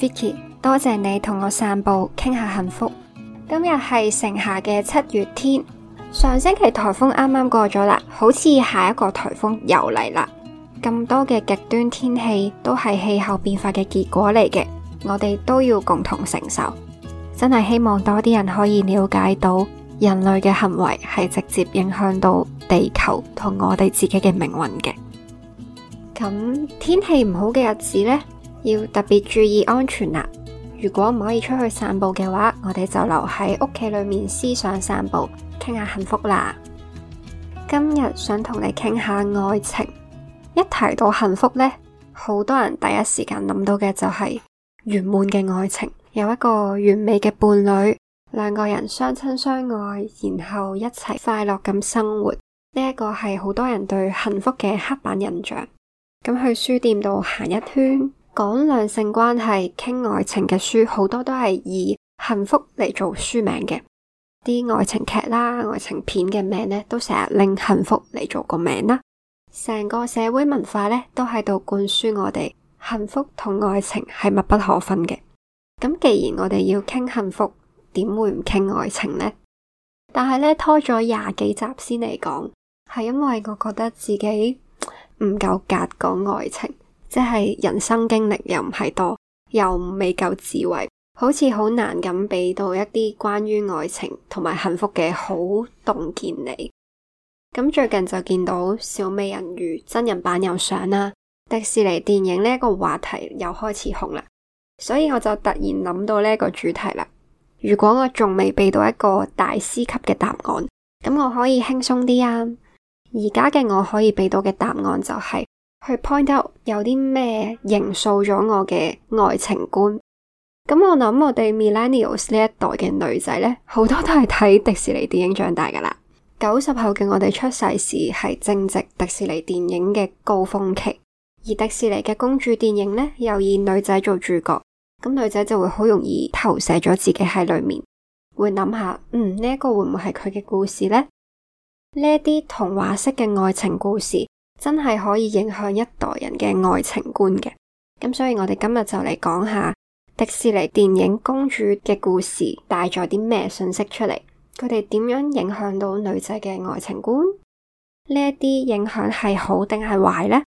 Vicky，多謝你同我散步，傾下幸福。今日係盛夏嘅七月天，上星期台風啱啱過咗啦，好似下一個台風又嚟啦。咁多嘅極端天氣都係氣候變化嘅結果嚟嘅，我哋都要共同承受。真係希望多啲人可以了解到，人類嘅行為係直接影響到地球同我哋自己嘅命運嘅。咁天氣唔好嘅日子呢？要特別注意安全啦！如果唔可以出去散步嘅話，我哋就留喺屋企裏面思想散步，傾下幸福啦。今日想同你傾下愛情。一提到幸福呢，好多人第一時間諗到嘅就係圓滿嘅愛情，有一個完美嘅伴侶，兩個人相親相愛，然後一齊快樂咁生活。呢、這、一個係好多人對幸福嘅刻板印象。咁去書店度行一圈。講兩性關係、傾愛情嘅書好多都係以幸福嚟做書名嘅，啲愛情劇啦、愛情片嘅名咧都成日拎幸福嚟做個名啦。成個社會文化咧都喺度灌輸我哋幸福同愛情係密不可分嘅。咁既然我哋要傾幸福，點會唔傾愛情呢？但係咧，拖咗廿幾集先嚟講，係因為我覺得自己唔夠格講愛情。即係人生經歷又唔係多，又未夠智慧，好似好難咁俾到一啲關於愛情同埋幸福嘅好洞見你。咁最近就見到小美人魚真人版又上啦，迪士尼電影呢個話題又開始紅啦，所以我就突然諗到呢個主題啦。如果我仲未俾到一個大師級嘅答案，咁我可以輕鬆啲啊。而家嘅我可以俾到嘅答案就係、是。去 point out 有啲咩影響咗我嘅愛情觀。咁我諗，我哋 Millennials 呢一代嘅女仔呢，好多都係睇迪士尼電影長大噶啦。九十後嘅我哋出世時係正值迪士尼電影嘅高峰期，而迪士尼嘅公主電影呢，又以女仔做主角，咁女仔就會好容易投射咗自己喺裏面，會諗下，嗯，呢一個會唔會係佢嘅故事呢？呢一啲童話式嘅愛情故事。真係可以影響一代人嘅愛情觀嘅，咁所以我哋今日就嚟講下迪士尼電影公主嘅故事帶咗啲咩信息出嚟，佢哋點樣影響到女仔嘅愛情觀？呢一啲影響係好定係壞呢？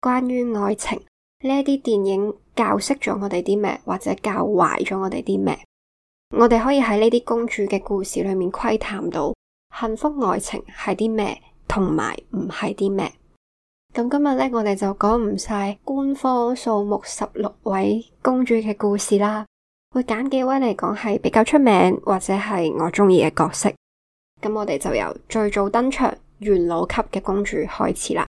關於愛情，呢一啲電影教識咗我哋啲咩，或者教壞咗我哋啲咩？我哋可以喺呢啲公主嘅故事裏面窺探到幸福愛情係啲咩？同埋唔係啲咩？咁今日呢，我哋就講唔晒官方數目十六位公主嘅故事啦，會揀幾位嚟講係比較出名或者係我中意嘅角色。咁我哋就由最早登場元老級嘅公主開始啦。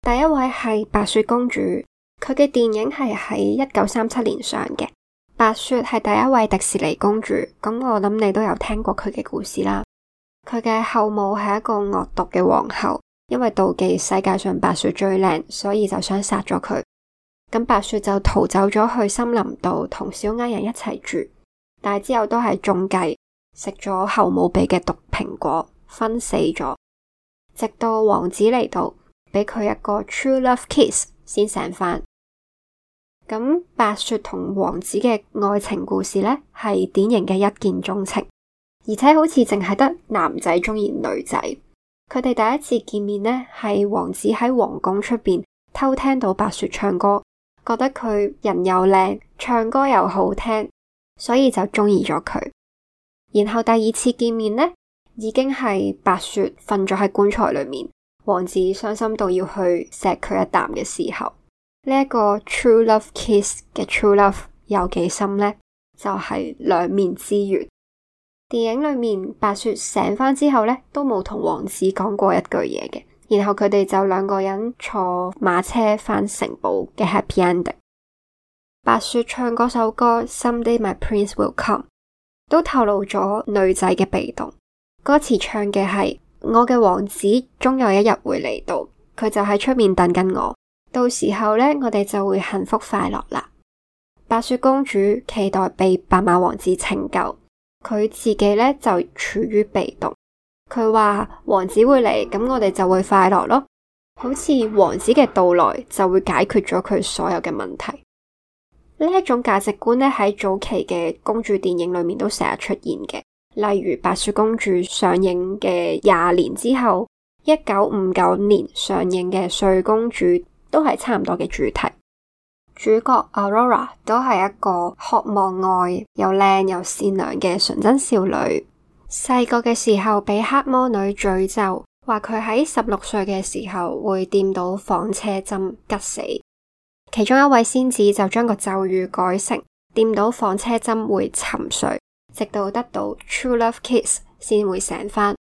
第一位係白雪公主，佢嘅電影係喺一九三七年上嘅。白雪係第一位迪士尼公主，咁我諗你都有聽過佢嘅故事啦。佢嘅後母係一個惡毒嘅皇后，因為妒忌世界上白雪最靚，所以就想殺咗佢。咁白雪就逃走咗去森林度同小矮人一齊住，但係之後都係中計，食咗後母畀嘅毒蘋果，昏死咗。直到王子嚟到，畀佢一個 true love kiss，先醒返。咁白雪同王子嘅愛情故事呢，係典型嘅一見鍾情。而且好似淨係得男仔鍾意女仔，佢哋第一次見面呢，係王子喺皇宮出邊偷聽到白雪唱歌，覺得佢人又靚，唱歌又好聽，所以就鍾意咗佢。然後第二次見面呢，已經係白雪瞓咗喺棺材裏面，王子傷心到要去錫佢一啖嘅時候，呢、這、一個 true love kiss 嘅 true love 有幾深呢？就係、是、兩面之緣。電影裏面，白雪醒返之後呢，都冇同王子講過一句嘢嘅，然後佢哋就兩個人坐馬車翻城堡嘅 happy ending。白雪唱嗰首歌《Someday My Prince Will Come》都透露咗女仔嘅被動，歌詞唱嘅係我嘅王子終有一日會嚟到，佢就喺出面等緊我，到時候呢，我哋就會幸福快樂啦。白雪公主期待被白馬王子拯救。佢自己咧就處於被動，佢話王子會嚟，咁我哋就會快樂咯，好似王子嘅到來就會解決咗佢所有嘅問題。呢一種價值觀咧喺早期嘅公主電影裏面都成日出現嘅，例如白雪公主上映嘅廿年之後，一九五九年上映嘅睡公主都係差唔多嘅主題。主角 Aurora 都係一個渴望愛、又靚又善良嘅純真少女。細個嘅時候畀黑魔女詛咒，話佢喺十六歲嘅時候會掂到紡車針，拮死。其中一位仙子就將個咒語改成掂到紡車針會沉睡，直到得到 True Love Kiss 先會醒返。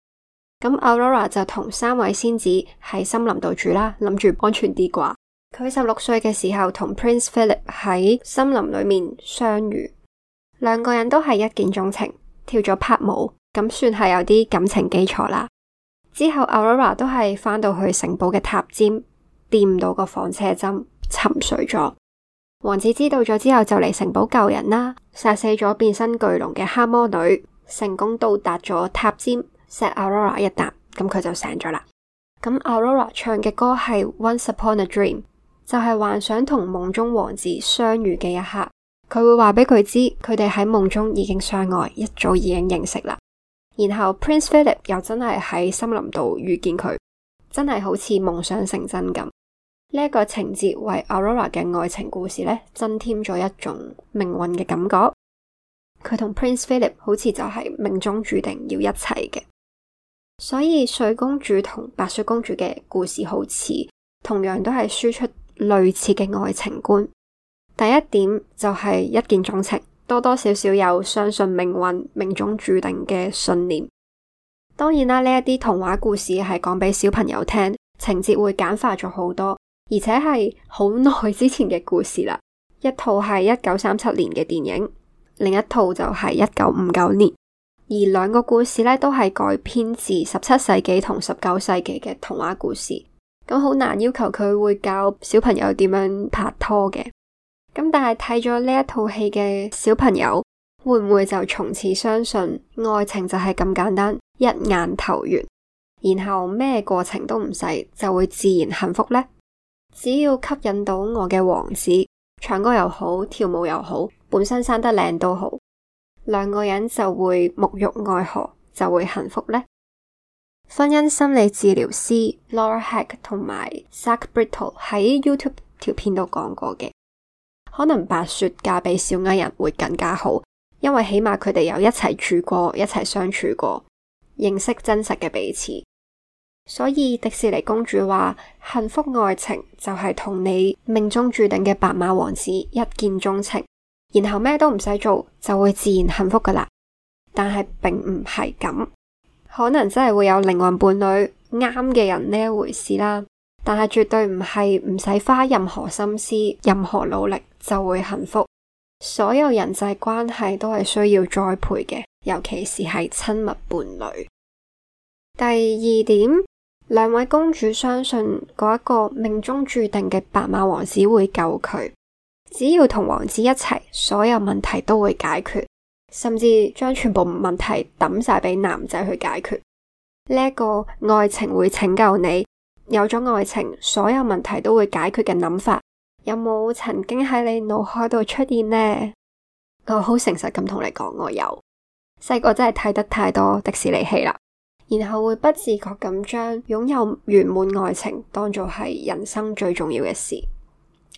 咁 Aurora 就同三位仙子喺森林度住啦，諗住安全啲啩。佢十六歲嘅時候同 Prince Philip 喺森林裏面相遇，兩個人都係一見鍾情，跳咗拍舞，咁算係有啲感情基礎啦。之後 Aurora 都係返到去城堡嘅塔尖，掂到個紡車針沉睡咗。王子知道咗之後就嚟城堡救人啦，殺死咗變身巨龍嘅黑魔女，成功到達咗塔尖，錫 Aurora 一啖，咁佢就醒咗啦。咁 Aurora 唱嘅歌係 Once Upon a Dream。就係幻想同夢中王子相遇嘅一刻，佢會話俾佢知佢哋喺夢中已經相愛，一早已經認識啦。然後 Prince Philip 又真係喺森林度遇見佢，真係好似夢想成真咁。呢個情節為 Aurora 嘅愛情故事呢增添咗一種命運嘅感覺。佢同 Prince Philip 好似就係命中注定要一齊嘅，所以睡公主同白雪公主嘅故事好似同樣都係輸出。類似嘅愛情觀，第一點就係一見鍾情，多多少少有相信命運、命中注定嘅信念。當然啦，呢一啲童話故事係講俾小朋友聽，情節會簡化咗好多，而且係好耐之前嘅故事啦。一套係一九三七年嘅電影，另一套就係一九五九年，而兩個故事呢都係改編自十七世紀同十九世紀嘅童話故事。咁好難要求佢會教小朋友點樣拍拖嘅，咁但係睇咗呢一套戲嘅小朋友，會唔會就從此相信愛情就係咁簡單，一眼投緣，然後咩過程都唔使，就會自然幸福呢？只要吸引到我嘅王子，唱歌又好，跳舞又好，本身生得靚都好，兩個人就會沐浴愛河，就會幸福呢？婚姻心理治療師 Laura Heck 同埋 Zach Brittle 喺 YouTube 條片度講過嘅，可能白雪嫁俾小矮人會更加好，因為起碼佢哋有一齊住過，一齊相處過，認識真實嘅彼此。所以迪士尼公主話，幸福愛情就係同你命中注定嘅白馬王子一見鐘情，然後咩都唔使做就會自然幸福噶啦。但係並唔係咁。可能真係會有靈魂伴侶啱嘅人呢一回事啦，但係絕對唔係唔使花任何心思，任何努力就會幸福。所有人際關係都係需要栽培嘅，尤其是係親密伴侶。第二點，兩位公主相信嗰一個命中注定嘅白馬王子會救佢，只要同王子一齊，所有問題都會解決。甚至將全部問題抌晒俾男仔去解決，呢個愛情會拯救你，有咗愛情所有問題都會解決嘅諗法，有冇曾經喺你腦海度出現呢？我好誠實咁同你講，我有，細個真係睇得太多迪士尼戲啦，然後會不自覺咁將擁有圓滿愛情當做係人生最重要嘅事，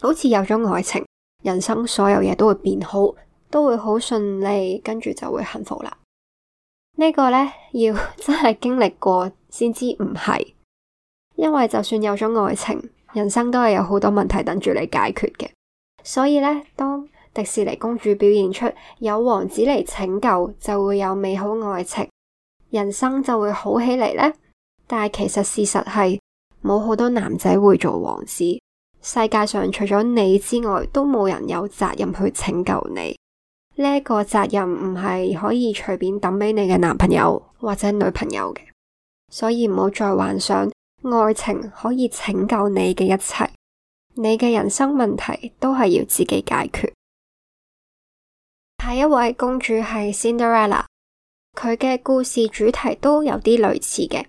好似有咗愛情，人生所有嘢都會變好。都會好順利，跟住就會幸福啦。這個、呢個咧要真係經歷過先知唔係，因為就算有咗愛情，人生都係有好多問題等住你解決嘅。所以咧，當迪士尼公主表現出有王子嚟拯救，就會有美好愛情，人生就會好起嚟咧。但係其實事實係冇好多男仔會做王子，世界上除咗你之外，都冇人有責任去拯救你。呢一個責任唔係可以隨便抌畀你嘅男朋友或者女朋友嘅，所以唔好再幻想愛情可以拯救你嘅一切，你嘅人生問題都係要自己解決。下一位公主係 Cinderella，佢嘅故事主題都有啲類似嘅，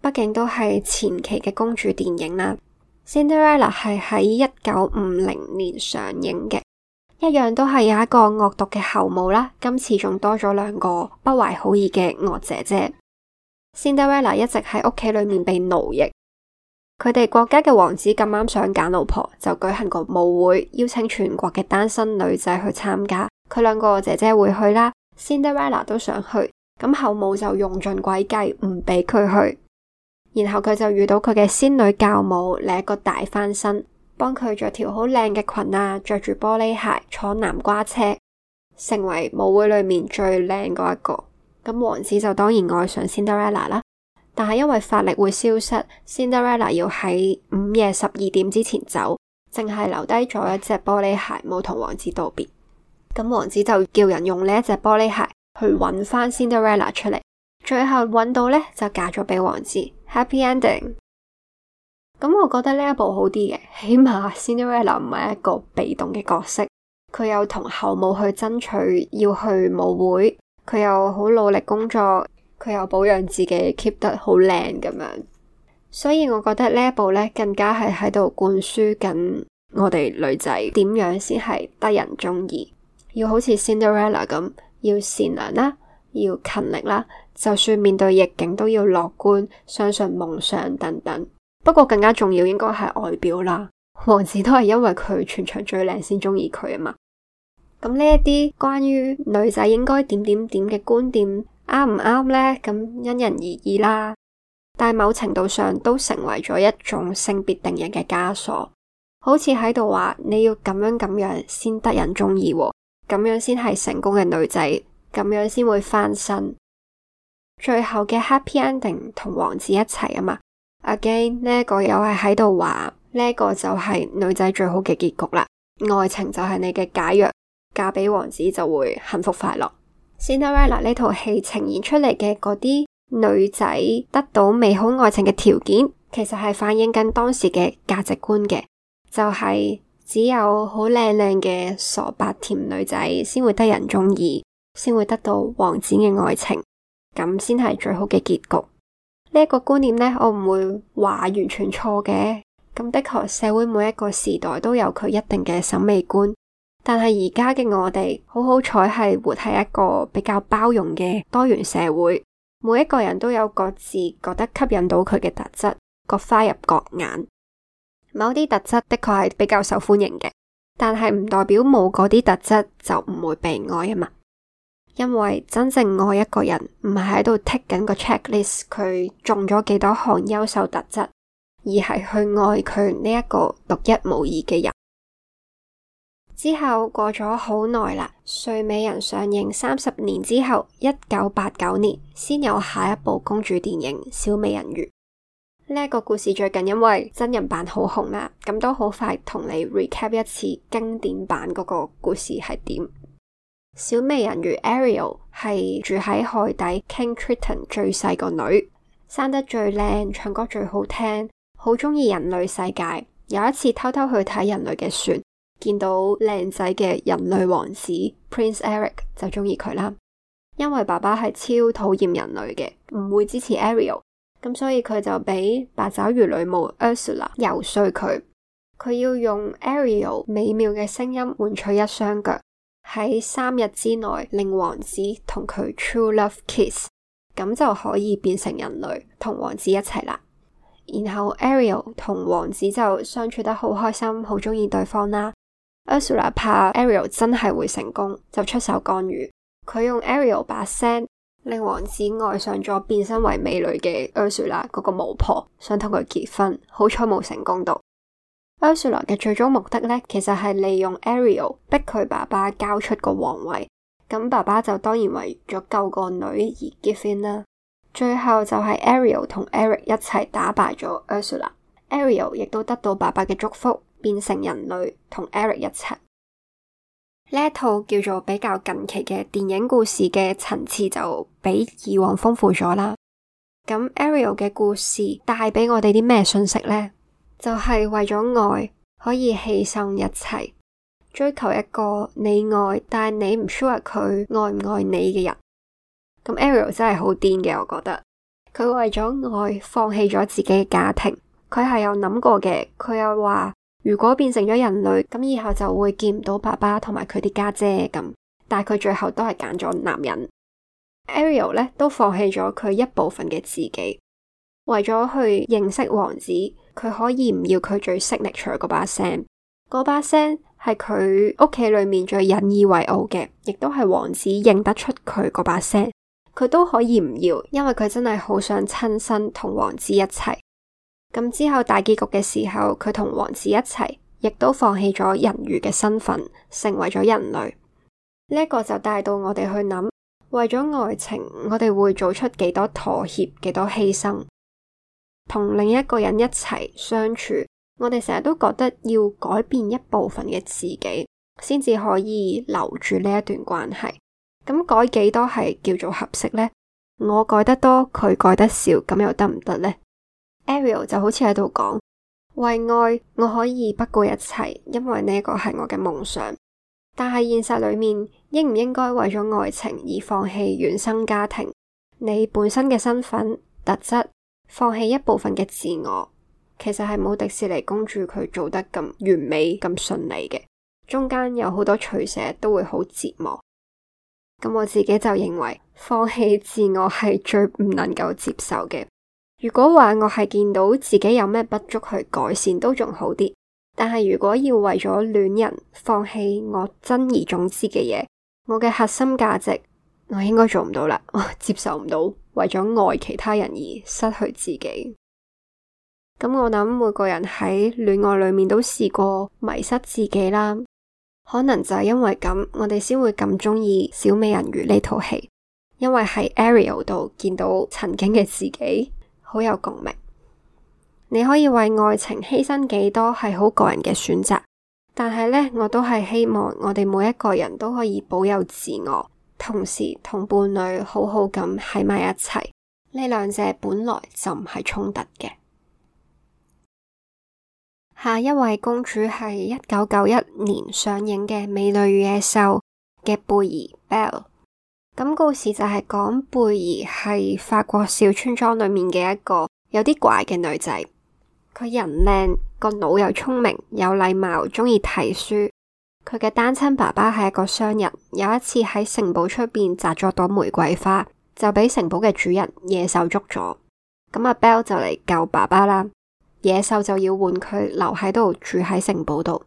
畢竟都係前期嘅公主電影啦。Cinderella 係喺一九五零年上映嘅。一樣都係有一個惡毒嘅後母啦，今次仲多咗兩個不懷好意嘅惡姐姐。Cinderella 一直喺屋企裏面被奴役，佢哋國家嘅王子咁啱想揀老婆，就舉行個舞會，邀請全國嘅單身女仔去參加。佢兩個姐姐會去啦，Cinderella 都想去，咁後母就用盡詭計唔俾佢去，然後佢就遇到佢嘅仙女教母，來一個大翻身。幫佢着條好靚嘅裙啊，着住玻璃鞋，坐南瓜車，成為舞會裏面最靚嗰一個。咁王子就當然愛上 Cinderella 啦。但係因為法力會消失，Cinderella 要喺午夜十二點之前走，淨係留低咗一隻玻璃鞋，冇同王子道別。咁王子就叫人用呢一隻玻璃鞋去搵翻 Cinderella 出嚟。最後搵到呢就嫁咗俾王子，Happy Ending。咁我覺得呢一部好啲嘅，起碼 Cinderella 唔係一個被動嘅角色，佢又同後母去爭取要去舞會，佢又好努力工作，佢又保養自己 keep 得好靚咁樣，所以我覺得呢一部咧更加係喺度灌輸緊我哋女仔點樣先係得人中意，要好似 Cinderella 咁要善良啦，要勤力啦，就算面對逆境都要樂觀，相信夢想等等。不過更加重要應該係外表啦，王子都係因為佢全場最靚先鍾意佢啊嘛。咁呢一啲關於女仔應該點點點嘅觀點啱唔啱咧？咁因人而異啦，但某程度上都成為咗一種性別定型嘅枷鎖，好似喺度話你要咁樣咁樣先得人鍾意，咁樣先係成功嘅女仔，咁樣先會翻身。最後嘅 happy ending 同王子一齊啊嘛。again 呢個又係喺度話，呢、呢個就係女仔最好嘅結局啦。愛情就係你嘅解藥，嫁畀王子就會幸福快樂。Cinderella 呢套戲呈現出嚟嘅嗰啲女仔得到美好愛情嘅條件，其實係反映緊當時嘅價值觀嘅，就係、係、只有好靚靚嘅傻白甜女仔先會得人中意，先會得到王子嘅愛情，咁先係最好嘅結局。呢一個觀念呢，我唔會話完全錯嘅。咁的確，社會每一個時代都有佢一定嘅審美觀。但係而家嘅我哋，好好彩係活喺一個比較包容嘅多元社會。每一個人都有各自覺得吸引到佢嘅特質，各花入各眼。某啲特質的確係比較受歡迎嘅，但係唔代表冇嗰啲特質就唔會被愛啊嘛。因為真正愛一個人，唔係喺度剔緊個 checklist 佢中咗幾多項優秀特質，而係去愛佢呢一個獨一無二嘅人。之後過咗好耐啦，《睡美人》上映三十年之後，一九八九年先有下一部公主電影《小美人魚》。呢一個故事最近因為真人版好紅啦，咁都好快同你 recap 一次經典版嗰個故事係點。小美人魚 Ariel 係住喺海底 King Triton 最細個女，生得最靚，唱歌最好聽，好中意人類世界。有一次偷偷去睇人類嘅船，見到靚仔嘅人類王子 Prince Eric 就中意佢啦。因為爸爸係超討厭人類嘅，唔會支持 Ariel，咁所以佢就俾八爪魚女巫 Ursula 遊說佢，佢要用 Ariel 美妙嘅聲音換取一雙腳。喺三日之內令王子同佢 true love kiss，咁就可以變成人類同王子一齊啦。然後 Ariel 同王子就相處得好開心，好鍾意對方啦。Ursula 怕 Ariel 真係會成功，就出手干預。佢用 Ariel 把聲令王子愛上咗變身為美女嘅 Ursula 嗰個巫婆，想同佢結婚。好彩冇成功到。Arsula 嘅最終目的咧，其實係利用 Ariel 逼佢爸爸交出個皇位，咁爸爸就當然為咗救個女兒而 g 婚啦。最後就係 Ariel 同 Eric 一齊打敗咗 r s u l a a r i e l 亦都得到爸爸嘅祝福，變成人類同 Eric 一齊。呢套叫做比較近期嘅電影故事嘅層次就比以往豐富咗啦。咁 Ariel 嘅故事帶俾我哋啲咩信息咧？就係為咗愛可以犧牲一切，追求一個你愛但係你唔 sure 佢愛唔愛你嘅人。咁 Ariel 真係好癲嘅，我覺得佢為咗愛放棄咗自己嘅家庭，佢係有諗過嘅。佢又話如果變成咗人類，咁以後就會見唔到爸爸同埋佢啲家姐咁。但係佢最後都係揀咗男人，Ariel 咧都放棄咗佢一部分嘅自己。為咗去認識王子，佢可以唔要佢最 signature 嗰把聲，嗰把聲係佢屋企裏面最引以為傲嘅，亦都係王子認得出佢嗰把聲。佢都可以唔要，因為佢真係好想親身同王子一齊。咁之後大結局嘅時候，佢同王子一齊，亦都放棄咗人魚嘅身份，成為咗人類。呢一個就帶到我哋去諗，為咗愛情，我哋會做出幾多妥協，幾多犧牲。同另一個人一齊相處，我哋成日都覺得要改變一部分嘅自己，先至可以留住呢一段關係。咁改幾多係叫做合適呢？我改得多，佢改得少，咁又得唔得呢？Ariel 就好似喺度講，為愛我可以不顧一切，因為呢個係我嘅夢想。但係現實裏面，應唔應該為咗愛情而放棄原生家庭、你本身嘅身份、特質？放棄一部分嘅自我，其實係冇迪士尼公主佢做得咁完美、咁順利嘅。中間有好多取捨都會好折磨。咁我自己就認為，放棄自我係最唔能夠接受嘅。如果話我係見到自己有咩不足去改善都仲好啲，但係如果要為咗戀人放棄我珍而重之嘅嘢，我嘅核心價值。我應該做唔到啦，我接受唔到為咗愛其他人而失去自己。咁我諗，每個人喺戀愛裏面都試過迷失自己啦。可能就係因為咁，我哋先會咁鍾意小美人魚呢套戲，因為喺 Ariel 度見到曾經嘅自己，好有共鳴。你可以為愛情犧牲幾多係好個人嘅選擇，但係呢，我都係希望我哋每一個人都可以保有自我。同時同伴侶好好咁喺埋一齊，呢兩者本來就唔係衝突嘅。下一位公主係一九九一年上映嘅《美女與野獸》嘅貝兒 （Belle）。咁故事就係講貝兒係法國小村莊裏面嘅一個有啲怪嘅女仔，佢人靚，個腦又聰明，有禮貌，鍾意睇書。佢嘅單親爸爸係一個商人，有一次喺城堡出邊摘咗朵玫瑰花，就俾城堡嘅主人野獸捉咗。咁阿 Belle 就嚟救爸爸啦。野獸就要換佢留喺度住喺城堡度。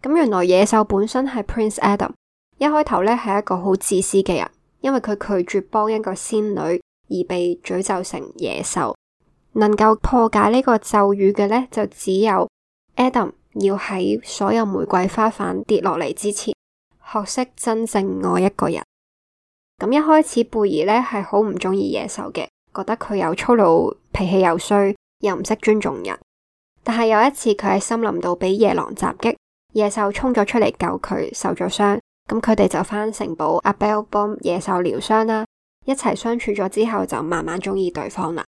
咁原來野獸本身係 Prince Adam，一開頭咧係一個好自私嘅人，因為佢拒絕幫一個仙女而被詛咒成野獸。能夠破解呢個咒語嘅咧，就只有 Adam。要喺所有玫瑰花瓣跌落嚟之前，學識真正愛一個人。咁一開始貝兒呢係好唔中意野獸嘅，覺得佢又粗魯，脾氣又衰，又唔識尊重人。但係有一次佢喺森林度俾野狼襲擊，野獸衝咗出嚟救佢，受咗傷。咁佢哋就返城堡，阿貝兒幫野獸療傷啦，一齊相處咗之後就慢慢中意對方啦。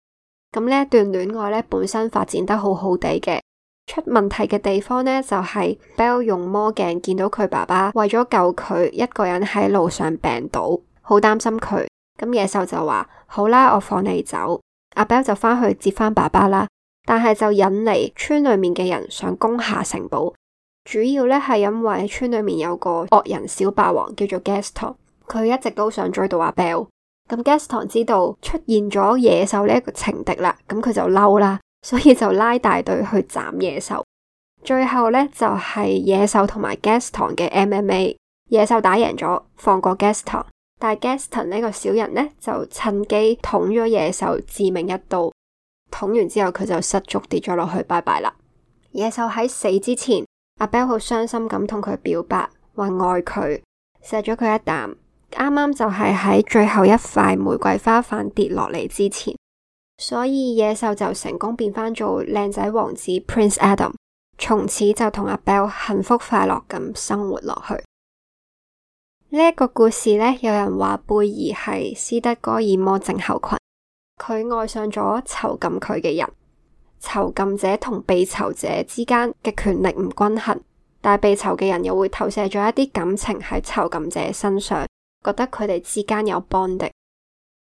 咁呢一段戀愛呢，本身發展得好好地嘅。出問題嘅地方呢，就係 Bell 用魔鏡見到佢爸爸為咗救佢，一個人喺路上病倒，好擔心佢。咁野獸就話：好啦，我放你走。阿 Bell 就返去接翻爸爸啦。但係就引嚟村裏面嘅人想攻下城堡，主要呢係因為村裏面有個惡人小霸王叫做 Gaston，佢一直都想追到阿 Bell。咁 Gaston 知道出現咗野獸呢一個情敵啦，咁佢就嬲啦。所以就拉大隊去斬野獸，最後呢，就係、是、野獸同埋 Gaston 嘅 MMA，野獸打贏咗，放過 Gaston，但係 Gaston 呢個小人呢，就趁機捅咗野獸致命一刀，捅完之後佢就失足跌咗落去，拜拜啦！野獸喺死之前，阿 Bell 好傷心咁同佢表白，話愛佢，錫咗佢一啖，啱啱就係喺最後一塊玫瑰花瓣跌落嚟之前。所以野獸就成功變翻做靚仔王子 Prince Adam，從此就同阿 Bell 幸福快樂咁生活落去。呢、這、一個故事呢，有人話貝兒係斯德哥爾摩症候群，佢愛上咗囚禁佢嘅人，囚禁者同被囚者之間嘅權力唔均衡，但被囚嘅人又會投射咗一啲感情喺囚禁者身上，覺得佢哋之間有 bond 嘅。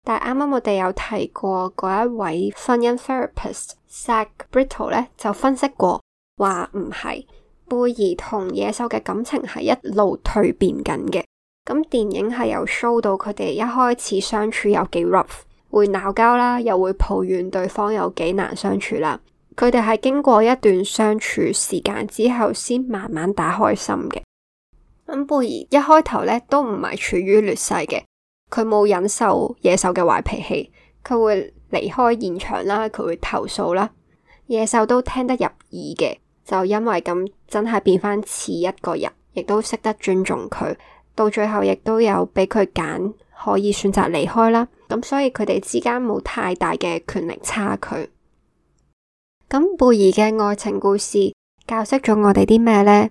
但係啱啱我哋有提過嗰一位婚姻 therapist Zach Brittle 咧，就分析過話唔係貝兒同野獸嘅感情係一路蛻變緊嘅。咁電影係有 show 到佢哋一開始相處有幾 rough，會鬧交啦，又會抱怨對方有幾難相處啦。佢哋係經過一段相處時間之後，先慢慢打開心嘅。咁貝兒一開頭咧都唔係處於劣勢嘅。佢冇忍受野獸嘅壞脾氣，佢會離開現場啦，佢會投訴啦。野獸都聽得入耳嘅，就因為咁真係變翻似一個人，亦都識得尊重佢。到最後亦都有俾佢揀，可以選擇離開啦。咁所以佢哋之間冇太大嘅權力差距。咁貝兒嘅愛情故事教識咗我哋啲咩呢？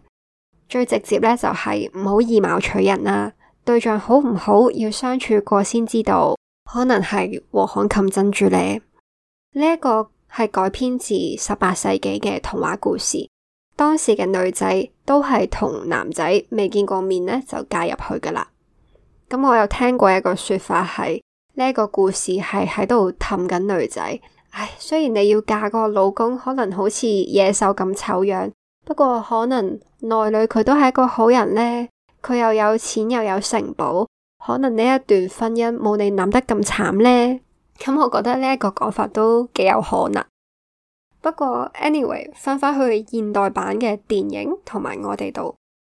最直接咧就係唔好以貌取人啦。對象好唔好要相處過先知道，可能係黃含琴珍珠咧。呢一個係改編自十八世紀嘅童話故事，當時嘅女仔都係同男仔未見過面咧就嫁入去㗎喇。咁我有聽過一個說法係呢一個故事係喺度氹緊女仔。唉，雖然你要嫁個老公可能好似野獸咁醜樣，不過可能內裏佢都係一個好人咧。佢又有錢又有城堡，可能呢一段婚姻冇你諗得咁慘呢。咁我覺得呢一個講法都幾有可能。不過，anyway，翻返去現代版嘅電影同埋我哋度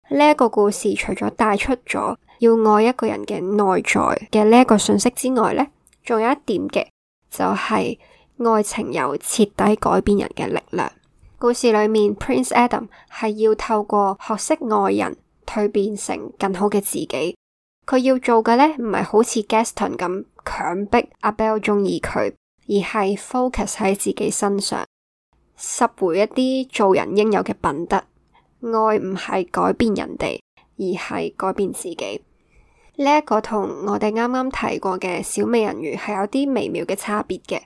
呢一個故事，除咗帶出咗要愛一個人嘅內在嘅呢一個信息之外呢，仲有一點嘅就係愛情有徹底改變人嘅力量。故事裏面 Prince Adam 係要透過學識愛人，蛻變成更好嘅自己，佢要做嘅呢，唔係好似 Gaston 咁強迫阿 Bell 中意佢，而係 focus 喺自己身上，拾回一啲做人應有嘅品德。愛唔係改變人哋，而係改變自己。呢一個同我哋啱啱提過嘅小美人魚係有啲微妙嘅差別嘅。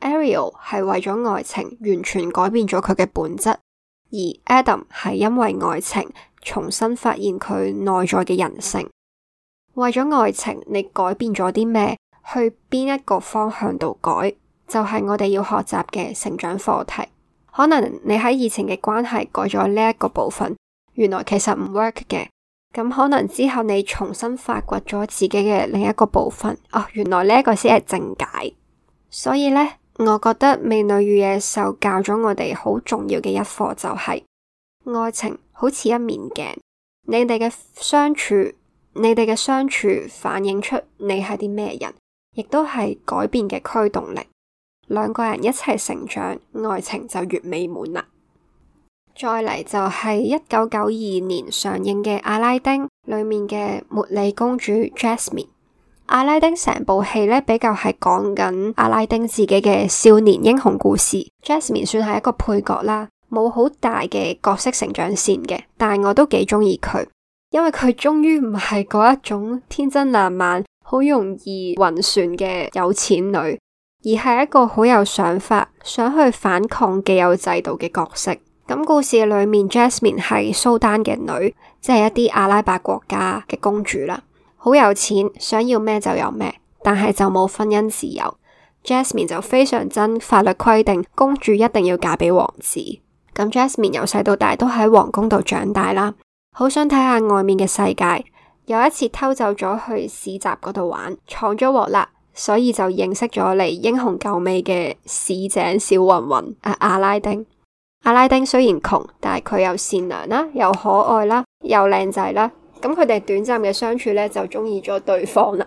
Ariel 係為咗愛情完全改變咗佢嘅本質，而 Adam 係因為愛情。重新發現佢內在嘅人性。為咗愛情，你改變咗啲咩？去邊一個方向度改？就係、係、我哋要學習嘅成長課題。可能你喺以前嘅關係改咗呢一個部分，原來其實唔 work 嘅。咁可能之後你重新發掘咗自己嘅另一個部分，哦，原來呢一個先係正解。所以呢，我覺得《美女與野獸》教咗我哋好重要嘅一課，就係，就係愛情。好似一面鏡，你哋嘅相處，你哋嘅相處反映出你係啲咩人，亦都係改變嘅驅動力。兩個人一齊成長，愛情就越美滿啦。再嚟就係一九九二年上映嘅《阿拉丁》裏面嘅茉莉公主 Jasmine。阿拉丁成部戲咧比較係講緊阿拉丁自己嘅少年英雄故事，Jasmine 算係一個配角啦。冇好大嘅角色成長線嘅，但係我都幾中意佢，因為佢終於唔係嗰一種天真爛漫、好容易暈船嘅有錢女，而係一個好有想法、想去反抗既有制度嘅角色。咁故事裏面，Jasmine 係蘇丹嘅女，即係一啲阿拉伯國家嘅公主啦，好有錢，想要咩就有咩，但係就冇婚姻自由。Jasmine 就非常憎法律規定，公主一定要嫁俾王子。咁 Jasmine 由細到大都喺皇宮度長大啦，好想睇下外面嘅世界。有一次偷走咗去市集嗰度玩，闖咗禍啦，所以就認識咗嚟英雄救美嘅市井小混混、啊、阿拉丁。阿拉丁雖然窮，但係佢又善良啦，又可愛啦，又靚仔啦。咁佢哋短暫嘅相處呢，就中意咗對方啦。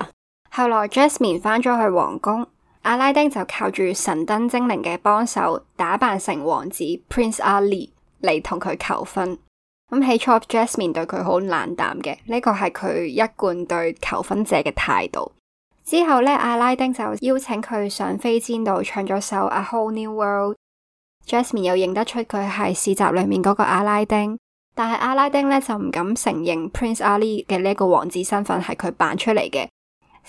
後來 Jasmine 返咗去皇宮。阿拉丁就靠住神燈精靈嘅幫手，打扮成王子 Prince Ali 嚟同佢求婚。咁起初 Jasmine 對佢好冷淡嘅，呢、這個係佢一貫對求婚者嘅態度。之後呢，阿拉丁就邀請佢上飛氈度唱咗首 A Whole New World。Jasmine 又認得出佢係市集裏面嗰個阿拉丁，但係阿拉丁呢就唔敢承認 Prince Ali 嘅呢個王子身份係佢扮出嚟嘅。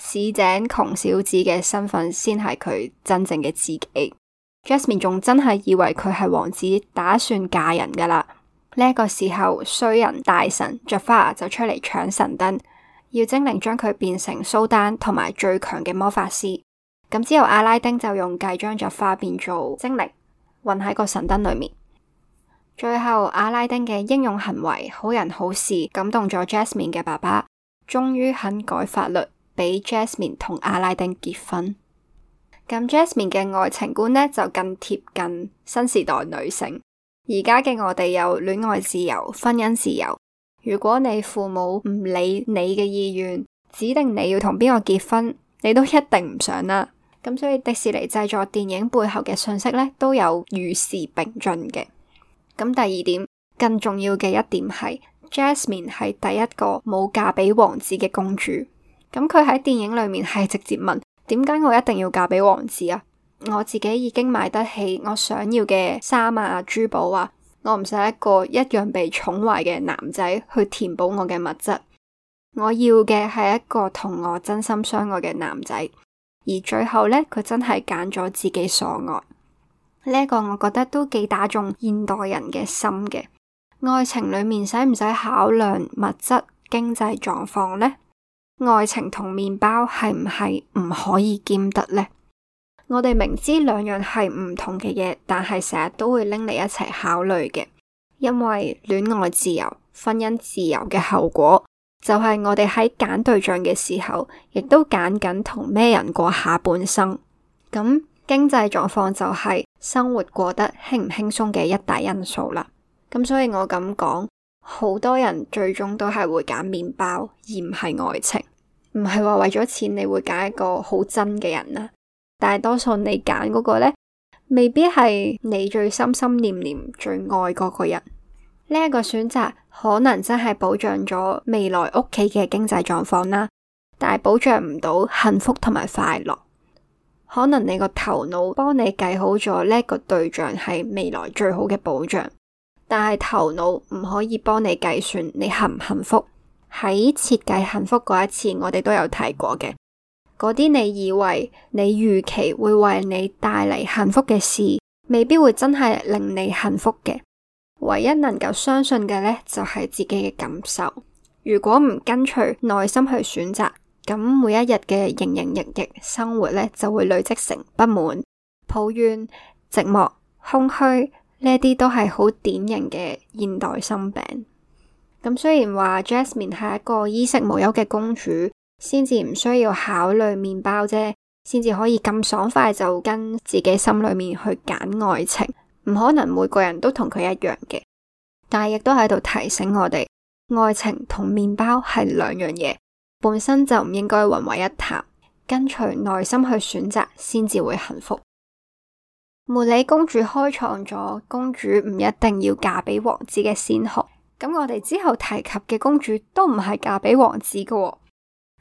市井窮小子嘅身份先係佢真正嘅自己。Jasmine 仲真係以為佢係王子，打算嫁人噶啦。呢個時候，衰人大神 Jafar 就出嚟搶神燈，要精靈將佢變成蘇丹同埋最強嘅魔法師。咁之後，阿拉丁就用計將 Jafar 變做精靈，混喺個神燈裏面。最後，阿拉丁嘅英勇行為、好人好事感動咗 Jasmine 嘅爸爸，終於肯改法律。俾 Jasmine 同阿拉丁結婚，咁 Jasmine 嘅愛情觀呢，就更貼近新時代女性。而家嘅我哋有戀愛自由、婚姻自由。如果你父母唔理你嘅意願，指定你要同邊個結婚，你都一定唔想啦。咁所以迪士尼製作電影背後嘅信息，呢，都有與時並進嘅。咁第二點，更重要嘅一點係 Jasmine 係第一個冇嫁俾王子嘅公主。咁佢喺電影裏面係直接問：點解我一定要嫁畀王子啊？我自己已經買得起我想要嘅衫啊、珠寶啊，我唔使一個一樣被寵壞嘅男仔去填補我嘅物質。我要嘅係一個同我真心相愛嘅男仔。而最後呢，佢真係揀咗自己所愛。呢個我覺得都幾打中現代人嘅心嘅。愛情裏面使唔使考量物質、經濟狀況呢？愛情同麵包係唔係唔可以兼得呢？我哋明知兩樣係唔同嘅嘢，但係成日都會拎嚟一齊考慮嘅。因為戀愛自由、婚姻自由嘅後果，就係我哋喺揀對象嘅時候，亦都揀緊同咩人過下半生。咁經濟狀況就係生活過得輕唔輕鬆嘅一大因素啦。咁所以我咁講，好多人最終都係會揀麵包而唔係愛情。唔係話為咗錢你會揀一個好真嘅人啊，但係多數你揀嗰個咧未必係你最心心念念最愛嗰個人。呢一個選擇可能真係保障咗未來屋企嘅經濟狀況啦，但係保障唔到幸福同埋快樂。可能你個頭腦幫你計好咗呢一個對象係未來最好嘅保障，但係頭腦唔可以幫你計算你幸唔幸福。喺設計幸福嗰一次，我哋都有提過嘅，嗰啲你以為你預期會為你帶嚟幸福嘅事，未必會真係令你幸福嘅。唯一能夠相信嘅咧，就係自己嘅感受。如果唔跟隨內心去選擇，咁每一日嘅營營役役生活咧，就會累積成不滿、抱怨、寂寞、空虛，呢啲都係好典型嘅現代心病。咁雖然話 Jasmine 係一個衣食無憂嘅公主，先至唔需要考慮麵包啫，先至可以咁爽快就跟自己心裏面去揀愛情，唔可能每個人都同佢一樣嘅。但係亦都喺度提醒我哋，愛情同麵包係兩樣嘢，本身就唔應該混為一談，跟隨內心去選擇先至會幸福。茉莉公主開創咗公主唔一定要嫁畀王子嘅先河。咁我哋之後提及嘅公主都唔係嫁俾王子噶，哦。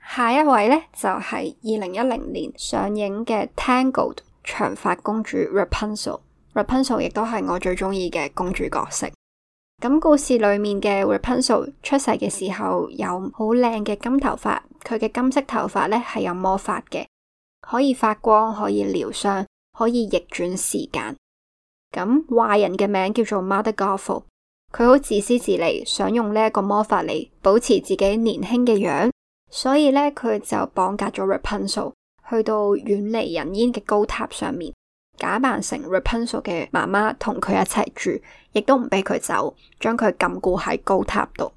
下一位呢，就係二零一零年上映嘅《Tangled》長髮公主 Rapunzel，Rapunzel 亦都係我最中意嘅公主角色。咁故事裏面嘅 Rapunzel 出世嘅時候有好靚嘅金頭髮，佢嘅金色頭髮呢係有魔法嘅，可以發光，可以療傷，可以逆轉時間。咁壞人嘅名叫做 Mother Gothel 佢好自私自利，想用呢一個魔法嚟保持自己年輕嘅樣，所以咧佢就綁架咗 Rapunzel 去到遠離人煙嘅高塔上面，假扮成 Rapunzel 嘅媽媽同佢一齊住，亦都唔俾佢走，將佢禁錮喺高塔度。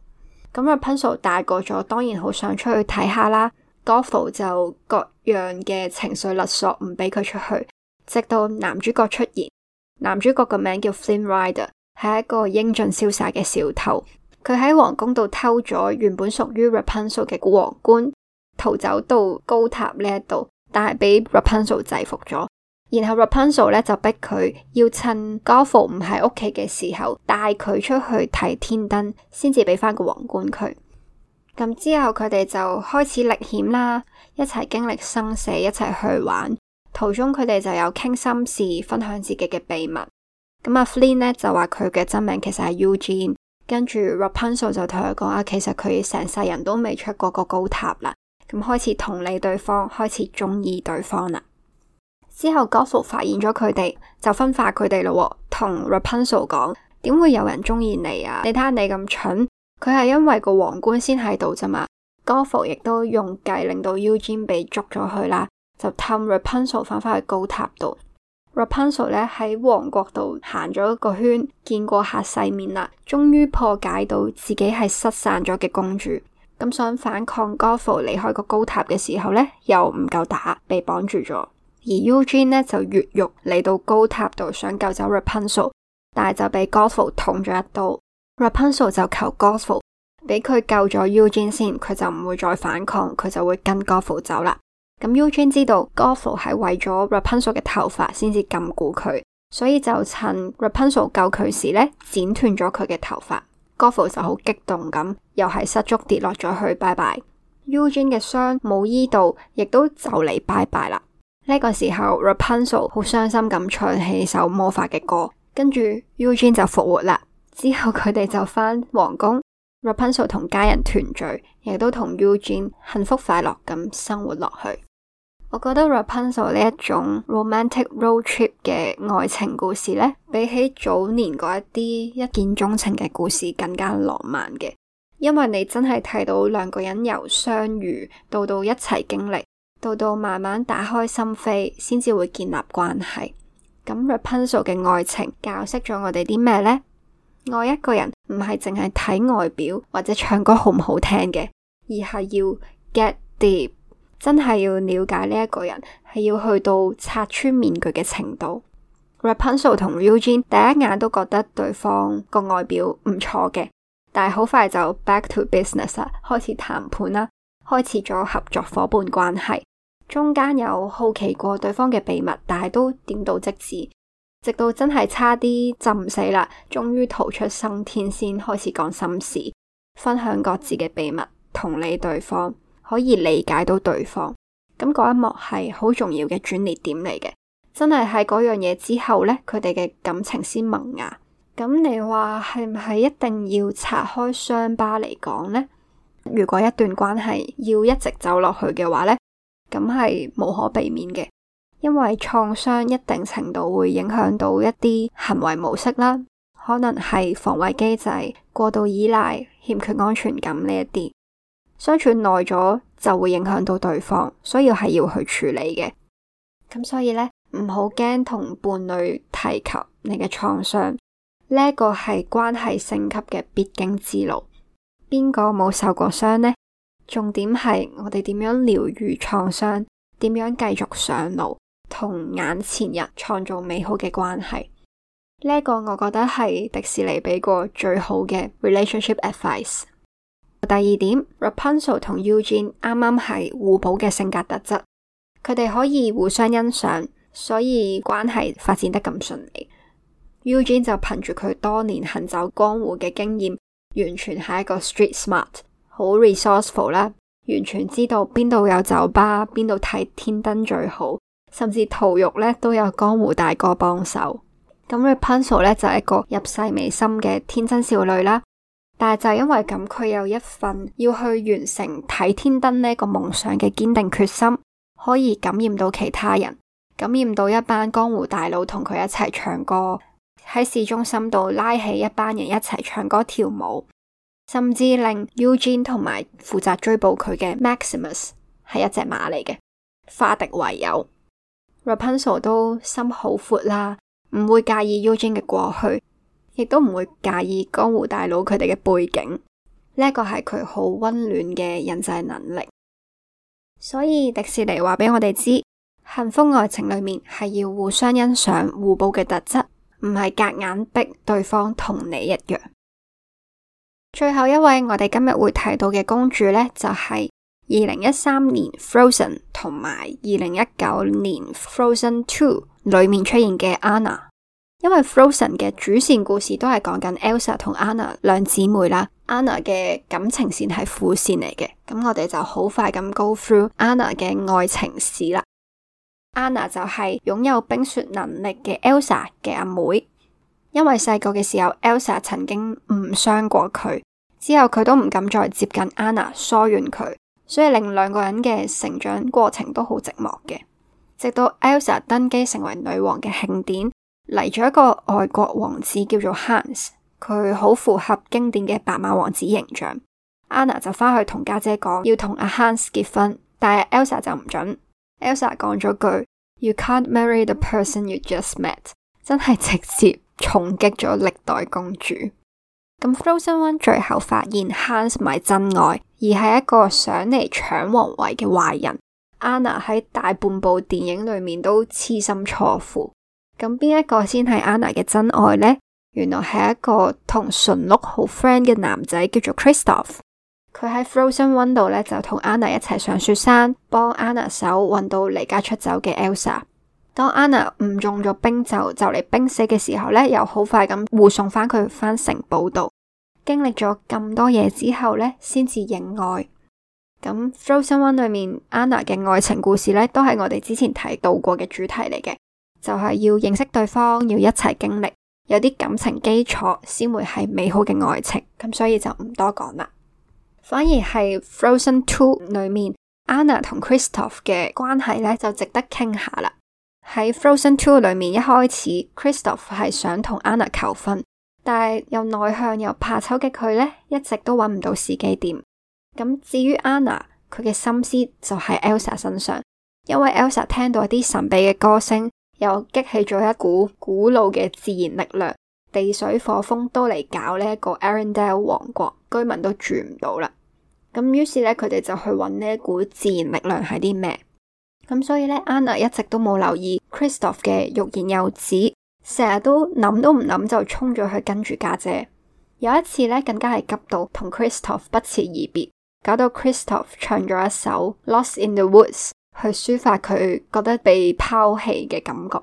咁 Rapunzel 大個咗，當然好想出去睇下啦。Gothel 就各樣嘅情緒勒索，唔俾佢出去，直到男主角出現。男主角個名叫 Flynn Rider。係一個英俊瀟灑嘅小偷，佢喺皇宮度偷咗原本屬於 Rapunzel 嘅、so、皇冠，逃走到高塔呢一度，但係俾 Rapunzel、so、制服咗。然後 Rapunzel 咧、so、就逼佢要趁 Gothel 唔喺屋企嘅時候帶佢出去睇天燈，先至俾翻個皇冠佢。咁之後佢哋就開始歷險啦，一齊經歷生死，一齊去玩。途中佢哋就有傾心事，分享自己嘅秘密。咁阿 Flynn 咧就話佢嘅真名其實係 Eugene，跟住 Rapunzel 就同佢講啊，其實佢成世人都未出過個高塔啦，咁、啊、開始同理對方開始中意對方啦。之後 Gothel 發現咗佢哋，就分化佢哋咯，同 Rapunzel 講，點會有人中意你啊？你睇你咁蠢，佢係因為個皇冠先喺度啫嘛。Gothel 亦都用計令到 Eugene 被捉咗去啦，就氹 Rapunzel 翻返去高塔度。Rapunzel 咧喺王國度行咗一個圈，見過下世面啦，終於破解到自己係失散咗嘅公主。咁想反抗 Gothel 離開個高塔嘅時候咧，又唔夠打，被綁住咗。而 Eugene 咧就越獄嚟到高塔度想救走 Rapunzel，但係就俾 Gothel 捅咗一刀。Rapunzel 就求 Gothel 俾佢救咗 Eugene 先，佢就唔會再反抗，佢就會跟 Gothel 走啦。咁、e、Eugene 知道 Gothel 係為咗 Rapunzel 嘅頭髮先至禁錮佢，所以就趁 Rapunzel 救佢時咧剪斷咗佢嘅頭髮。Gothel 就好激動咁，又係失足跌落咗去，拜拜。Eugene 嘅傷冇醫到，亦都就嚟拜拜啦。呢、這個時候 Rapunzel 好傷心咁唱起首魔法嘅歌，跟住 Eugene 就復活啦。之後佢哋就返皇宮。Rapunzel 同家人團聚，亦都同 Eugene 幸福快樂咁生活落去。我覺得 Rapunzel 呢一種 romantic road trip 嘅愛情故事呢，比起早年嗰一啲一見鍾情嘅故事更加浪漫嘅，因為你真係睇到兩個人由相遇到到一齊經歷，到到慢慢打開心扉，先至會建立關係。咁 Rapunzel 嘅愛情教識咗我哋啲咩呢？愛一個人唔係淨係睇外表或者唱歌好唔好聽嘅，而係要 get deep，真係要了解呢一個人，係要去到拆穿面具嘅程度。Rapunzel 同 Eugene 第一眼都覺得對方個外表唔錯嘅，但係好快就 back to business 啊，開始談判啦，開始咗合作伙伴關係，中間有好奇過對方嘅秘密，但係都點到即止。直到真係差啲浸死啦，終於逃出生天，先開始講心事，分享各自嘅秘密，同理對方，可以理解到對方。咁嗰一幕係好重要嘅轉捩點嚟嘅，真係喺嗰樣嘢之後呢，佢哋嘅感情先萌芽。咁你話係唔係一定要拆開傷疤嚟講呢？如果一段關係要一直走落去嘅話呢，咁係無可避免嘅。因為創傷一定程度會影響到一啲行為模式啦，可能係防衛機制、過度依賴、欠缺安全感，呢一啲相處耐咗就會影響到對方，所以係要去處理嘅。咁所以呢，唔好驚同伴侶提及你嘅創傷，呢個係關係升級嘅必經之路。邊個冇受過傷呢？重點係我哋點樣療愈創傷，點樣繼續上路。同眼前人創造美好嘅關係，呢一個我覺得係迪士尼俾過最好嘅 relationship advice。第二點，Rapunzel 同 Eugene 啱啱係互補嘅性格特質，佢哋可以互相欣賞，所以關係發展得咁順利。Eugene 就憑住佢多年行走江湖嘅經驗，完全係一個 street smart，好 resourceful 啦，完全知道邊度有酒吧，邊度睇天燈最好。甚至逃獄咧都有江湖大哥幫手。咁佢 Rapunzel 咧就係、是、一個入世未深嘅天真少女啦，但係就因為咁，佢有一份要去完成睇天燈呢個夢想嘅堅定決心，可以感染到其他人，感染到一班江湖大佬同佢一齊唱歌，喺市中心度拉起一班人一齊唱歌跳舞，甚至令、e、Eugene 同埋負責追捕佢嘅 Maximus 係一隻馬嚟嘅，化敵為友。Rapunzel 都心好闊啦，唔會介意 Eugene 嘅過去，亦都唔會介意江湖大佬佢哋嘅背景。呢、這、一個係佢好溫暖嘅人際能力。所以迪士尼話俾我哋知，幸福愛情裏面係要互相欣賞互補嘅特質，唔係夾硬逼對方同你一樣。最後一位我哋今日會提到嘅公主咧，就係、是。二零一三年 Frozen 同埋二零一九年 Frozen Two 裏面出現嘅 Anna，因為 Frozen 嘅主線故事都係講緊 Elsa 同 Anna 兩姊妹啦，Anna 嘅感情線係副線嚟嘅，咁我哋就好快咁 go through Anna 嘅愛情史啦。Anna 就係擁有冰雪能力嘅 Elsa 嘅阿妹，因為細個嘅時候 Elsa 曾經誤傷過佢，之後佢都唔敢再接近 Anna，疏遠佢。所以令兩個人嘅成長過程都好寂寞嘅。直到 Elsa 登基成為女王嘅慶典，嚟咗一個外國王子叫做 Hans，佢好符合經典嘅白馬王子形象。Anna 就返去同家姐講要同阿 Hans 結婚，但係 Elsa 就唔准。Elsa 講咗句 You can't marry the person you just met，真係直接重擊咗歷代公主。咁 Frozen One 最後發現 Hans 唔係真愛。而係一個想嚟搶王位嘅壞人。Anna 喺大半部電影裏面都痴心錯付，咁邊一個先係 Anna 嘅真愛呢？原來係一個同純鹿好 friend 嘅男仔，叫做 Kristoff。佢喺 Frozen One 咧就同 Anna 一齊上雪山，幫 Anna 手揾到離家出走嘅 Elsa。當 Anna 誤中咗冰咒就嚟冰死嘅時候咧，又好快咁護送翻佢翻城堡度。經歷咗咁多嘢之後呢先至認愛。咁 Frozen One 裏面 Anna 嘅愛情故事呢，都係我哋之前提到過嘅主題嚟嘅，就係要認識對方，要一齊經歷，有啲感情基礎先會係美好嘅愛情。咁所以就唔多講啦，反而係 Frozen Two 裏面 Anna 同 Kristoff 嘅關係呢，就值得傾下啦。喺 Frozen Two 裏面，一開始 Kristoff 係想同 Anna 求婚。但係又內向又怕醜嘅佢呢，一直都揾唔到時機點。咁至於 Anna，佢嘅心思就喺 Elsa 身上，因為 Elsa 聽到一啲神秘嘅歌聲，又激起咗一股古老嘅自然力量，地水火風都嚟搞呢一個 Arendelle 王國，居民都住唔到啦。咁於是呢，佢哋就去揾呢一股自然力量係啲咩。咁所以呢，Anna 一直都冇留意 Kristoff 嘅欲言又止。成日都諗都唔諗就衝咗去跟住家姐。有一次咧，更加係急到同 Christophe 不辭而別，搞到 Christophe 唱咗一首《Lost in the Woods》去抒發佢覺得被拋棄嘅感覺。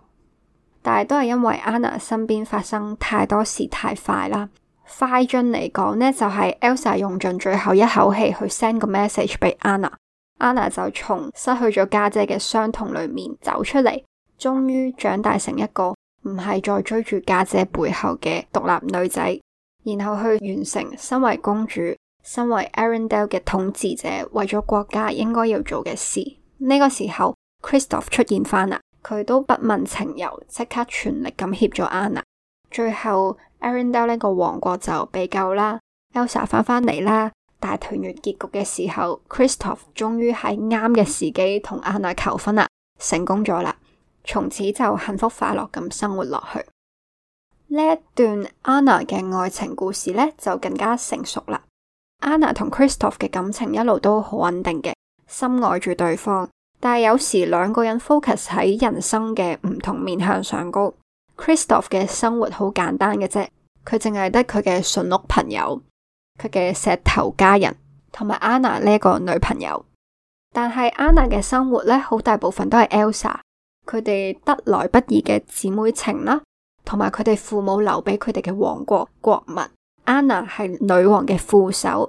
但係都係因為 Anna 身邊發生太多事太快啦。快進嚟講咧，就係 Elsa 用盡最後一口氣去 send 個 message 俾 Anna，Anna 就從失去咗家姐嘅傷痛裏面走出嚟，終於長大成一個。唔係再追住家姐背後嘅獨立女仔，然後去完成身為公主、身為阿林德爾嘅統治者，為咗國家應該要做嘅事。呢個時候，Christophe 出現翻啦，佢都不問情由，即刻全力咁協助安娜。最後，阿林德爾呢個王國就被救啦，Elsa 翻返嚟啦，大團圓結局嘅時候，Christophe 終於喺啱嘅時機同安娜求婚啦，成功咗啦。從此就幸福快樂咁生活落去。呢一段 Anna 嘅愛情故事呢，就更加成熟啦。Anna 同 Christoph 嘅感情一路都好穩定嘅，深愛住對方。但係有時兩個人 focus 喺人生嘅唔同面向上高，高 Christoph 嘅生活好簡單嘅啫，佢淨係得佢嘅馴鹿朋友、佢嘅石頭家人同埋 Anna 呢個女朋友。但係 Anna 嘅生活呢，好大部分都係 Elsa。佢哋得來不易嘅姊妹情啦，同埋佢哋父母留俾佢哋嘅王國國民。Anna 係女王嘅副手，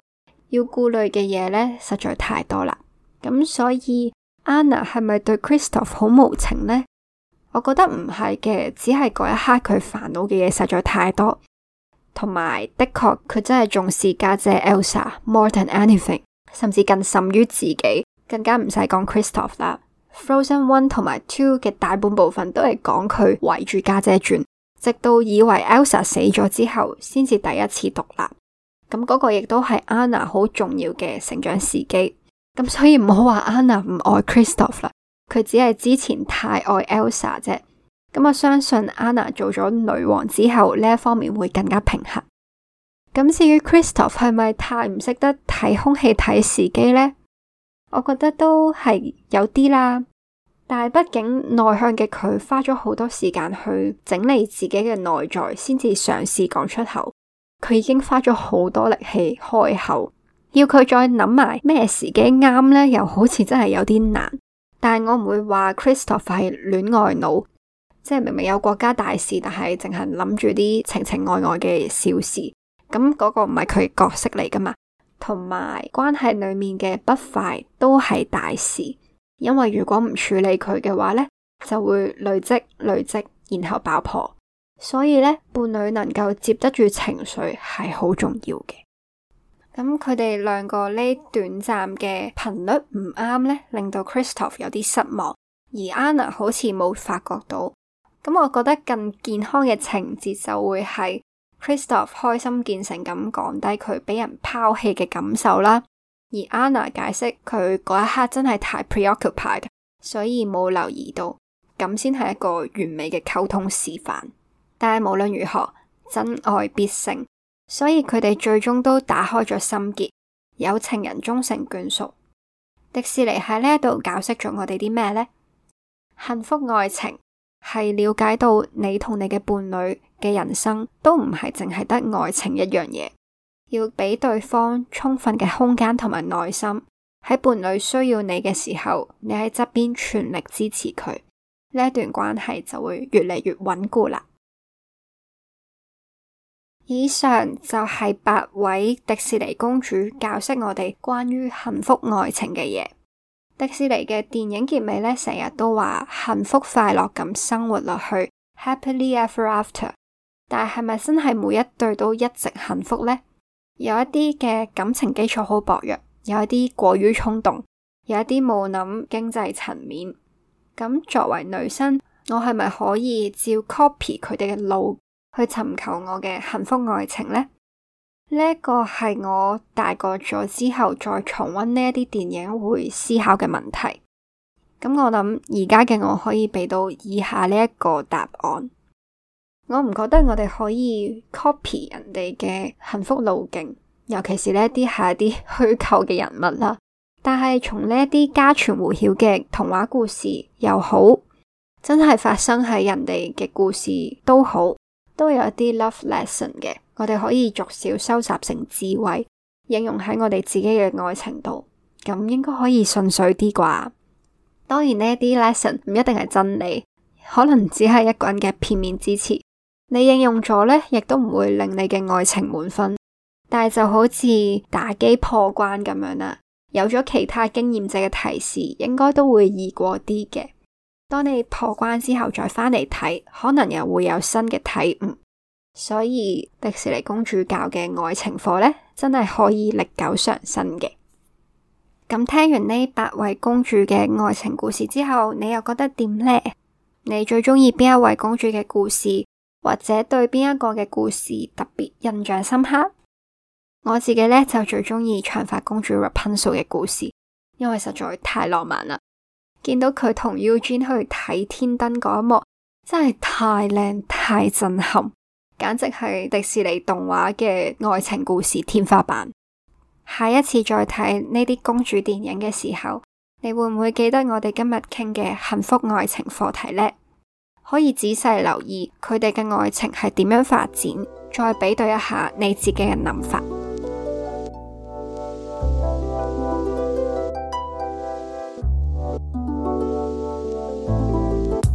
要顧慮嘅嘢呢實在太多啦。咁所以 Anna 係咪對 Kristoff 好無情呢？我覺得唔係嘅，只係嗰一刻佢煩惱嘅嘢實在太多，同埋的確佢真係重視家姐 Elsa more than anything，甚至更甚於自己，更加唔使講 Kristoff 啦。1 Frozen One 同埋 Two 嘅大半部分都係講佢圍住家姐轉，直到以為 Elsa 死咗之後，先至第一次獨立。咁嗰個亦都係 Anna 好重要嘅成長時機。咁所以唔好話 Anna 唔愛 Kristoff 啦，佢只係之前太愛 Elsa 啫。咁我相信 Anna 做咗女王之後呢方面會更加平衡。咁至於 Kristoff 係咪太唔識得睇空氣睇時機呢？我覺得都係有啲啦，但係畢竟內向嘅佢花咗好多時間去整理自己嘅內在，先至嘗試講出口。佢已經花咗好多力氣開口，要佢再諗埋咩時機啱呢，又好似真係有啲難。但係我唔會話 Christoph 係戀愛腦，即係明明有國家大事，但係淨係諗住啲情情愛愛嘅小事。咁嗰個唔係佢角色嚟噶嘛？同埋關係裏面嘅不快都係大事，因為如果唔處理佢嘅話呢，就會累積累積，然後爆破。所以呢，伴侶能夠接得住情緒係好重要嘅。咁佢哋兩個呢，短暫嘅頻率唔啱呢，令到 Christoph 有啲失望，而 Anna 好似冇發覺到。咁我覺得更健康嘅情節就會係，Christophe 開心見誠咁講低佢俾人拋棄嘅感受啦，而 Anna 解釋佢嗰一刻真係太 preoccupied，所以冇留意到，咁先係一個完美嘅溝通示範。但係無論如何，真愛必勝，所以佢哋最終都打開咗心結，有情人終成眷屬。迪士尼喺呢一度教識咗我哋啲咩呢？幸福愛情係了解到你同你嘅伴侶嘅人生都唔係淨係得愛情一樣嘢，要畀對方充分嘅空間同埋耐心，喺伴侶需要你嘅時候，你喺側邊全力支持佢，呢一段關係就會越嚟越穩固啦。以上就係八位迪士尼公主教識我哋關於幸福愛情嘅嘢。迪士尼嘅電影結尾呢，成日都話幸福快樂咁生活落去，Happily Ever After。但係咪真係每一對都一直幸福呢？有一啲嘅感情基礎好薄弱，有一啲過於衝動，有一啲冇諗經濟層面。咁作為女生，我係咪可以照 copy 佢哋嘅路去尋求我嘅幸福愛情呢？呢一個係我大個咗之後再重溫呢一啲電影會思考嘅問題。咁我諗而家嘅我可以俾到以下呢一個答案。我唔覺得我哋可以 copy 人哋嘅幸福路徑，尤其是呢一啲係一啲虛構嘅人物啦。但係從呢一啲家傳戶曉嘅童話故事又好，真係發生喺人哋嘅故事都好。都有一啲 love lesson 嘅，我哋可以逐少收集成智慧，應用喺我哋自己嘅愛情度，咁應該可以順水啲啩。當然呢啲 lesson 唔一定係真理，可能只係一個人嘅片面之詞。你應用咗呢，亦都唔會令你嘅愛情滿分，但係就好似打機破關咁樣啦，有咗其他經驗者嘅提示，應該都會易過啲嘅。當你破關之後再返嚟睇，可能又會有新嘅體悟。所以迪士尼公主教嘅愛情課呢，真係可以歷久常新嘅。咁聽完呢八位公主嘅愛情故事之後，你又覺得點呢？你最中意邊一位公主嘅故事，或者對邊一個嘅故事特別印象深刻？我自己呢，就最中意長髮公主 Rapunzel 嘅故事，因為實在太浪漫啦。見到佢同 Eugene 去睇天燈嗰一幕，真係太靚太震撼，簡直係迪士尼動畫嘅愛情故事天花板。下一次再睇呢啲公主電影嘅時候，你會唔會記得我哋今日傾嘅幸福愛情課題呢？可以仔細留意佢哋嘅愛情係點樣發展，再比對一下你自己嘅諗法。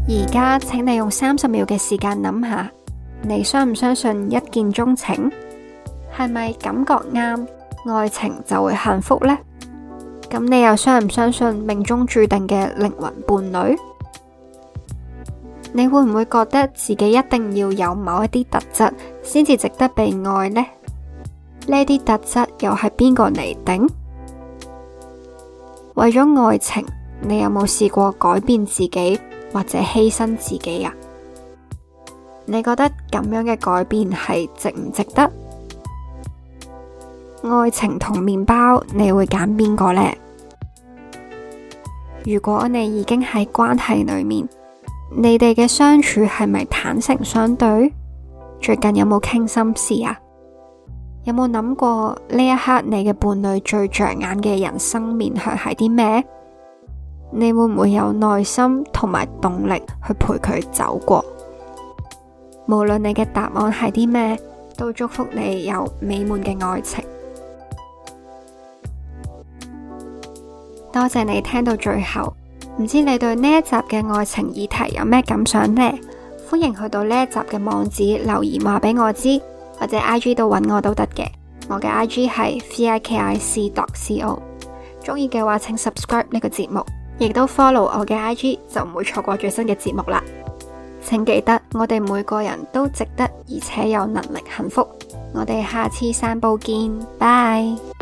而家，請你用三十秒嘅時間諗下，你相唔相信一見鍾情，係咪感覺啱愛情就會幸福呢？咁你又相唔相信命中注定嘅靈魂伴侶？你會唔會覺得自己一定要有某一啲特質先至值得被愛呢？呢啲特質又係邊個嚟定？為咗愛情，你有冇試過改變自己？或者犧牲自己啊？你覺得咁樣嘅改變係值唔值得？愛情同麵包你會揀邊個呢？如果你已經喺關係裏面，你哋嘅相處係咪坦誠相對？最近有冇傾心事啊？有冇諗過呢一刻你嘅伴侶最着眼嘅人生面向係啲咩？你會唔會有耐心同埋動力去陪佢走過？無論你嘅答案係啲咩，都祝福你有美滿嘅愛情。多謝你聽到最後，唔知你對呢一集嘅愛情議題有咩感想呢？歡迎去到呢一集嘅網址留言話俾我知，或者 I G 度搵我都得嘅。我嘅 I G 係 vikic.co，中意嘅話請 subscribe 呢個節目。亦都 follow 我嘅 IG，就唔會錯過最新嘅節目啦。請記得，我哋每個人都值得而且有能力幸福。我哋下次散步見，Bye。